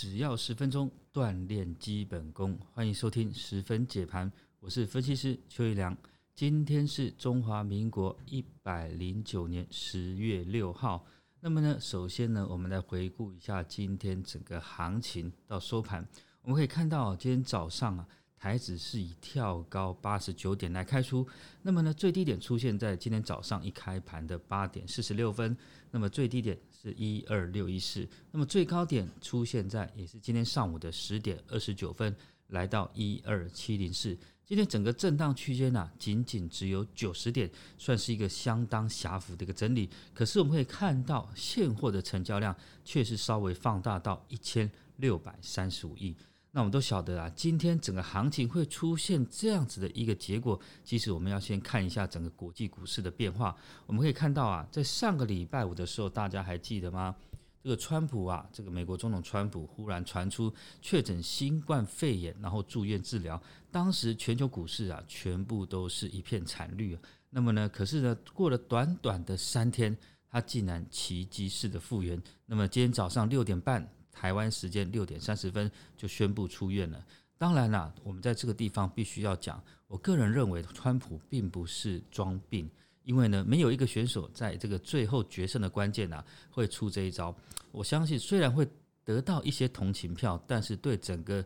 只要十分鐘鍛鍊基本功，歡迎收聽十分解盤，我是分析師邱玉良。今天是中華民國一百零九年十月六號。那麼呢，首先呢，我們來回顧一下今天整個行情到收盤，我們可以看到，今天早上啊。台指是以跳高八十九點來開出，那麼呢，最低點出現在今天早上一開盤的八點四十六分，那麼最低點是一二六一四，那麼最高點出現在也是今天上午的十點二十九分，來到一二七零四。今天整個震盪區間呢，僅僅只有九十點，算是一個相當狹幅的一個整理。可是我們可以看到現貨的成交量卻是稍微放大到一千六百三十五億。那我們都曉得啊，今天整個行情會出現這樣子的一個結果，其實我們要先看一下整個國際股市的變化。我們可以看到啊，在上個禮拜五的時候，大家還記得嗎？這個川普啊，這個美國總統川普忽然傳出確診新冠肺炎，然後住院治療。當時全球股市啊，全部都是一片慘綠啊。那麼呢，可是呢，過了短短的三天，他竟然奇蹟式的復原。那麼今天早上六點半。台灣時間六點三十分就宣布出院了。當然啦、啊，我們在這個地方必須要講，我個人認為川普並不是裝病，因為呢，沒有一個選手在這個最後決勝的關鍵啊會出這一招。我相信雖然會得到一些同情票，但是對整個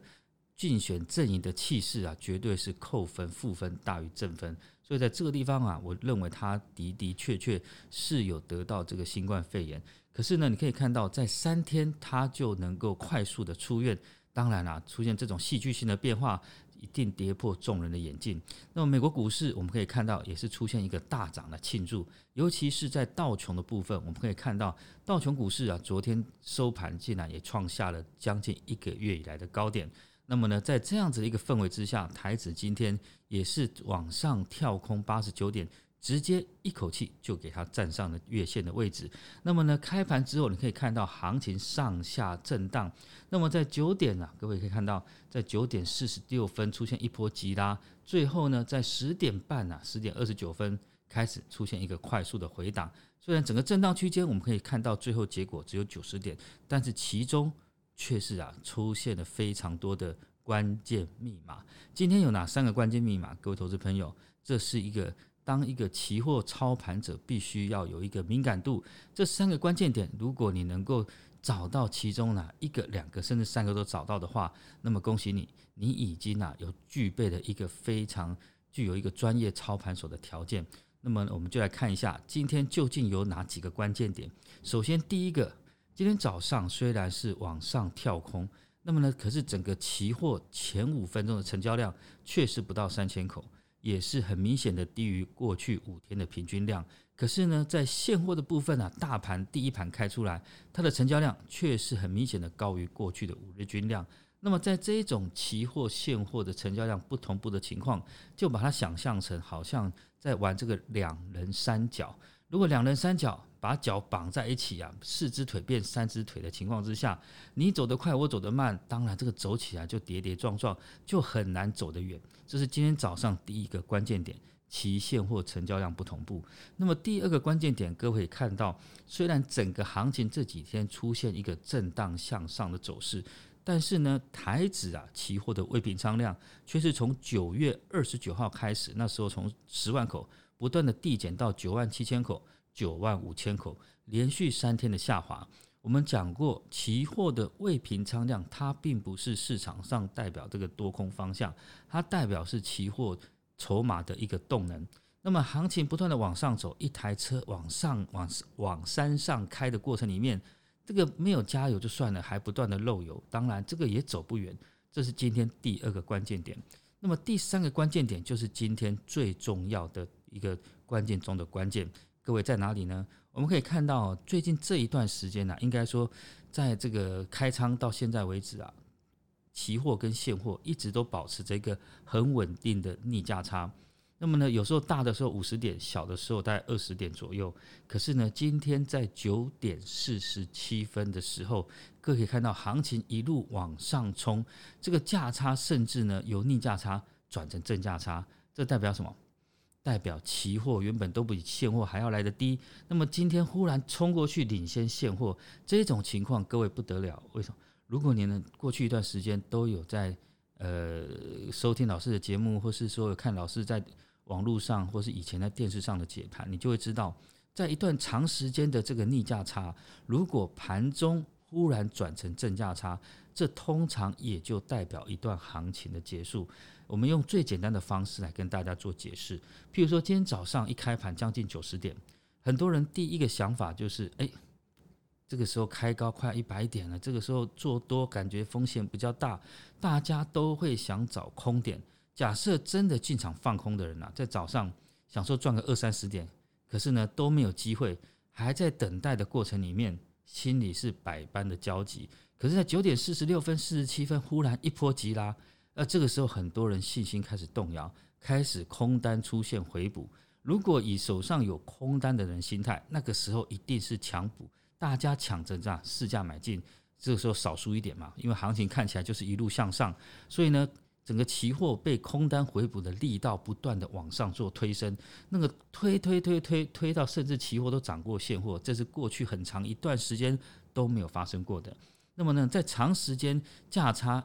競選陣營的氣勢啊，絕對是扣分負分大於正分。所以在這個地方啊，我認為他的的確確是有得到這個新冠肺炎。可是呢，你可以看到，在三天他就能夠快速的出院。當然了啊，出現這種戲劇性的變化，一定跌破眾人的眼鏡。那麼，美國股市我們可以看到也是出現一個大漲的慶祝，尤其是在道瓊的部分，我們可以看到道瓊股市啊，昨天收盤竟然也創下了將近一個月以來的高點。那麼呢，在這樣子的一個氛圍之下，台子台指今天也是往上跳空八十九點，直接一口氣就給它站上了月線的位置。那麼呢，開盤之後你可以看到行情上下震盪。那麼在九點呢、啊，各位可以看到，在九點四十六分出現一波急拉，最後呢，在十點半呢、啊，十點二十九分開始出現一個快速的回檔。雖然整個震盪區間我們可以看到最後結果只有九十點，但是其中。確實啊，出現了非常多的關鍵密碼。今天有哪三個關鍵密碼？各位投資朋友，這是一個當一個期貨操盤者必須要有一個敏感度。這三個關鍵點，如果你能夠找到其中哪一個、兩個甚至三個都找到的話，那麼恭喜你，你已經吶、啊、有具備了一個非常具有一個專業操盤手的條件。那麼我們就來看一下今天究竟有哪幾個關鍵點。首先第一個。今天早上雖然是往上跳空，那麼呢，可是整個期貨前五分鐘的成交量確實不到三千口，也是很明顯的低於過去五天的平均量。可是呢，在現貨的部分啊，大盤第一盤開出來，它的成交量卻是很明顯的高於過去的五日均量。那麼在這種期貨現貨的成交量不同步的情況，就把它想象成好像在玩這個兩人三腳。如果兩人三腳，把腳綁在一起啊，四隻腿變三隻腿的情況之下，你走得快，我走得慢，當然這個走起來就跌跌撞撞，就很難走得遠。這是今天早上第一個關鍵點，期現貨成交量不同步。那麼第二個關鍵點，各位看到，雖然整個行情這幾天出現一個震盪向上的走勢，但是呢，台指啊，期貨的未平倉量卻是從九月二十九號開始，那時候從十萬口不斷的遞減到九萬七千口。九萬五千口連續三天的下滑，我們講過，期貨的未平倉量它並不是市場上代表這個多空方向，它代表是期貨籌碼的一個動能。那麼行情不斷的往上走，一台車往上、往往山上開的過程裡面，這個沒有加油就算了，還不斷的漏油，當然這個也走不遠。這是今天第二個關鍵點。那麼第三個關鍵點就是今天最重要的一個關鍵中的關鍵。各位在哪裡呢？我們可以看到，最近這一段時間呢、啊，應該說，在這個開倉到現在為止啊，期貨跟現貨一直都保持着一個很穩定的逆價差。那麼呢，有時候大的時候五十點，小的時候大概二十點左右。可是呢，今天在九點四十七分的時候，各位可以看到行情一路往上衝，這個價差甚至呢由逆價差轉成正價差，這代表什麼？代表期貨原本都不比現貨還要來得低，那麼今天忽然衝過去領先現貨，這種情況，各位不得了。為什麼？如果你能過去一段時間都有在呃收聽老師的節目，或是說有看老師在網絡上，或是以前在電視上的解盤，你就會知道，在一段長時間的這個逆價差，如果盤中忽然轉成正價差，這通常也就代表一段行情的結束。我們用最簡單的方式來跟大家做解釋。譬如說，今天早上一開盤將近九十點，很多人第一個想法就是：誒，這個時候開高快一百點了，這個時候做多感覺風險比較大，大家都會想找空點。假設真的進場放空的人啊，在早上想說賺個二三十點，可是呢都沒有機會，還在等待的過程裡面，心裡是百般的焦急。可是，在九點四十六分、四十七分忽然一波急拉。那這個時候，很多人信心開始動搖，開始空單出現回補。如果以手上有空單的人心態，那個時候一定是搶補，大家搶着這樣市價買進。這個時候少輸一點嘛，因為行情看起來就是一路向上，所以呢，整個期貨被空單回補的力道不斷地往上做推升，那個推推推推推，推到甚至期貨都漲過現貨，這是過去很長一段時間都沒有發生過的。那麼呢，在長時間價差。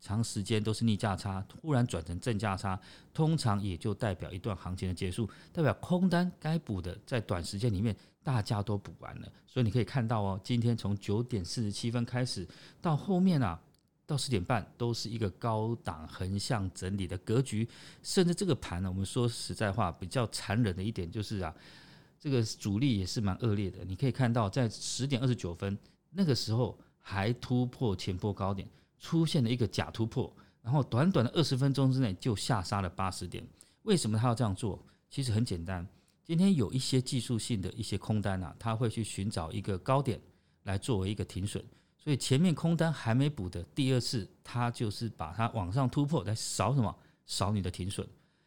長時間都是逆價差，突然轉成正價差，通常也就代表一段行情的結束，代表空單該補的在短時間裡面大家都補完了，所以你可以看到哦，今天從九點四十七分開始到後面啊，到十點半都是一個高檔橫向整理的格局，甚至這個盤呢、啊，我們說實在話比較殘忍的一點就是啊，這個主力也是蠻惡劣的，你可以看到在十點二十九分那個時候還突破前波高點。出現了一個假突破，然後短短的二十分鐘之內就下殺了八十點。為什麼他要這樣做？其實很簡單，今天有一些技術性的一些空單啊，他會去尋找一個高點來作為一個停損，所以前面空單還沒補的，第二次他就是把它往上突破來掃什麼？掃你的停損。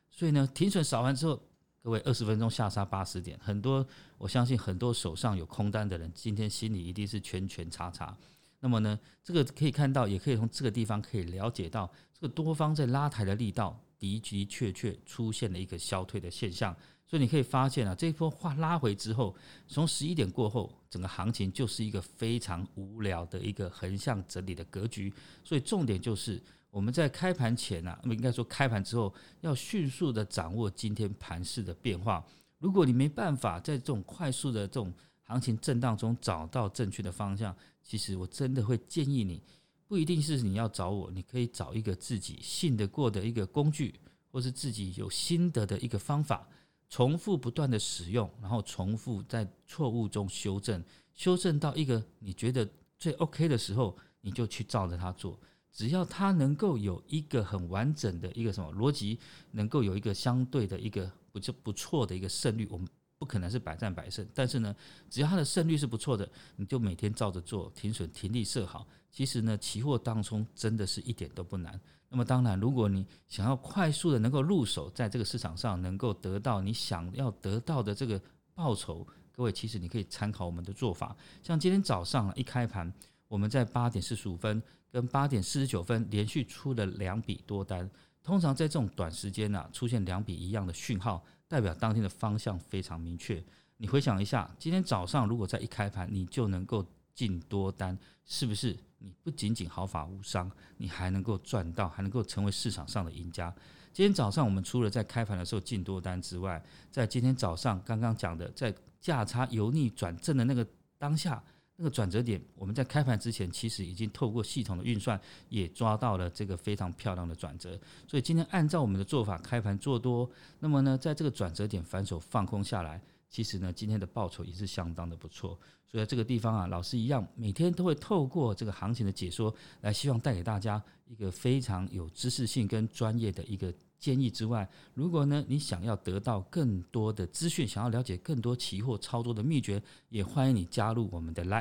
所以呢，停損掃完之後，各位二十分鐘下殺八十點，很多我相信很多手上有空單的人，今天心裡一定是圈圈叉叉。那麼呢，這個可以看到，也可以從這個地方可以了解到，這個多方在拉抬的力道的的確確出現了一個消退的現象，所以你可以發現啊，這一波拉回之後，從十一點過後，整個行情就是一個非常無聊的一個橫向整理的格局。所以重點就是我們在開盤前呢、啊，我們應該說開盤之後要迅速的掌握今天盤勢的變化。如果你沒辦法在這種快速的這種行情震盪中找到正確的方向，其實我真的會建議你，不一定是你要找我，你可以找一個自己信得過的一個工具，或是自己有心得的一個方法，重複不斷的使用，然後重複在錯誤中修正，修正到一個你覺得最 OK 的時候，你就去照着它做。只要它能夠有一個很完整的一個什麼邏輯，能夠有一個相對的一個不就不錯的一個勝率，我們。不可能是百戰百勝，但是呢，只要它的勝率是不錯的，你就每天照着做，停損停利設好。其實呢，期貨當沖真的是一點都不難。那麼，當然，如果你想要快速的能夠入手，在這個市場上能夠得到你想要得到的這個報酬，各位其實你可以參考我們的做法。像今天早上一開盤，我們在八點四十五分跟八點四十九分連續出了兩筆多單。通常在這種短時間啊，出現兩筆一樣的訊號。代表當天的方向非常明確。你回想一下，今天早上如果在一開盤你就能夠進多單，是不是？你不僅僅毫髮無傷，你還能夠賺到，還能夠成為市場上的贏家。今天早上我們除了在開盤的時候進多單之外，在今天早上剛剛講的在價差由逆轉正的那個當下。那個轉折點，我們在開盤之前其實已經透過系統的運算也抓到了這個非常漂亮的轉折。所以今天按照我們的做法開盤做多，那麼呢，在這個轉折點反手放空下來，其實呢，今天的報酬也是相當的不錯。所以在這個地方啊，老師一樣每天都會透過這個行情的解說來，希望帶給大家一個非常有知識性跟專業的一個。建議之外，如果呢，你想要得到更多的資訊，想要了解更多期貨操作的秘訣，也歡迎你加入我們的 Line，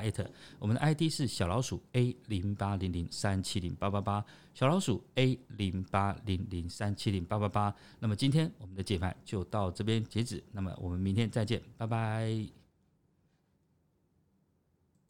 我們的 ID 是小老鼠 A 零八零零三七零八八八，小老鼠 A 零八零零三七零八八八。那麼今天我們的解盤就到這邊截止，那麼我們明天再見，拜拜。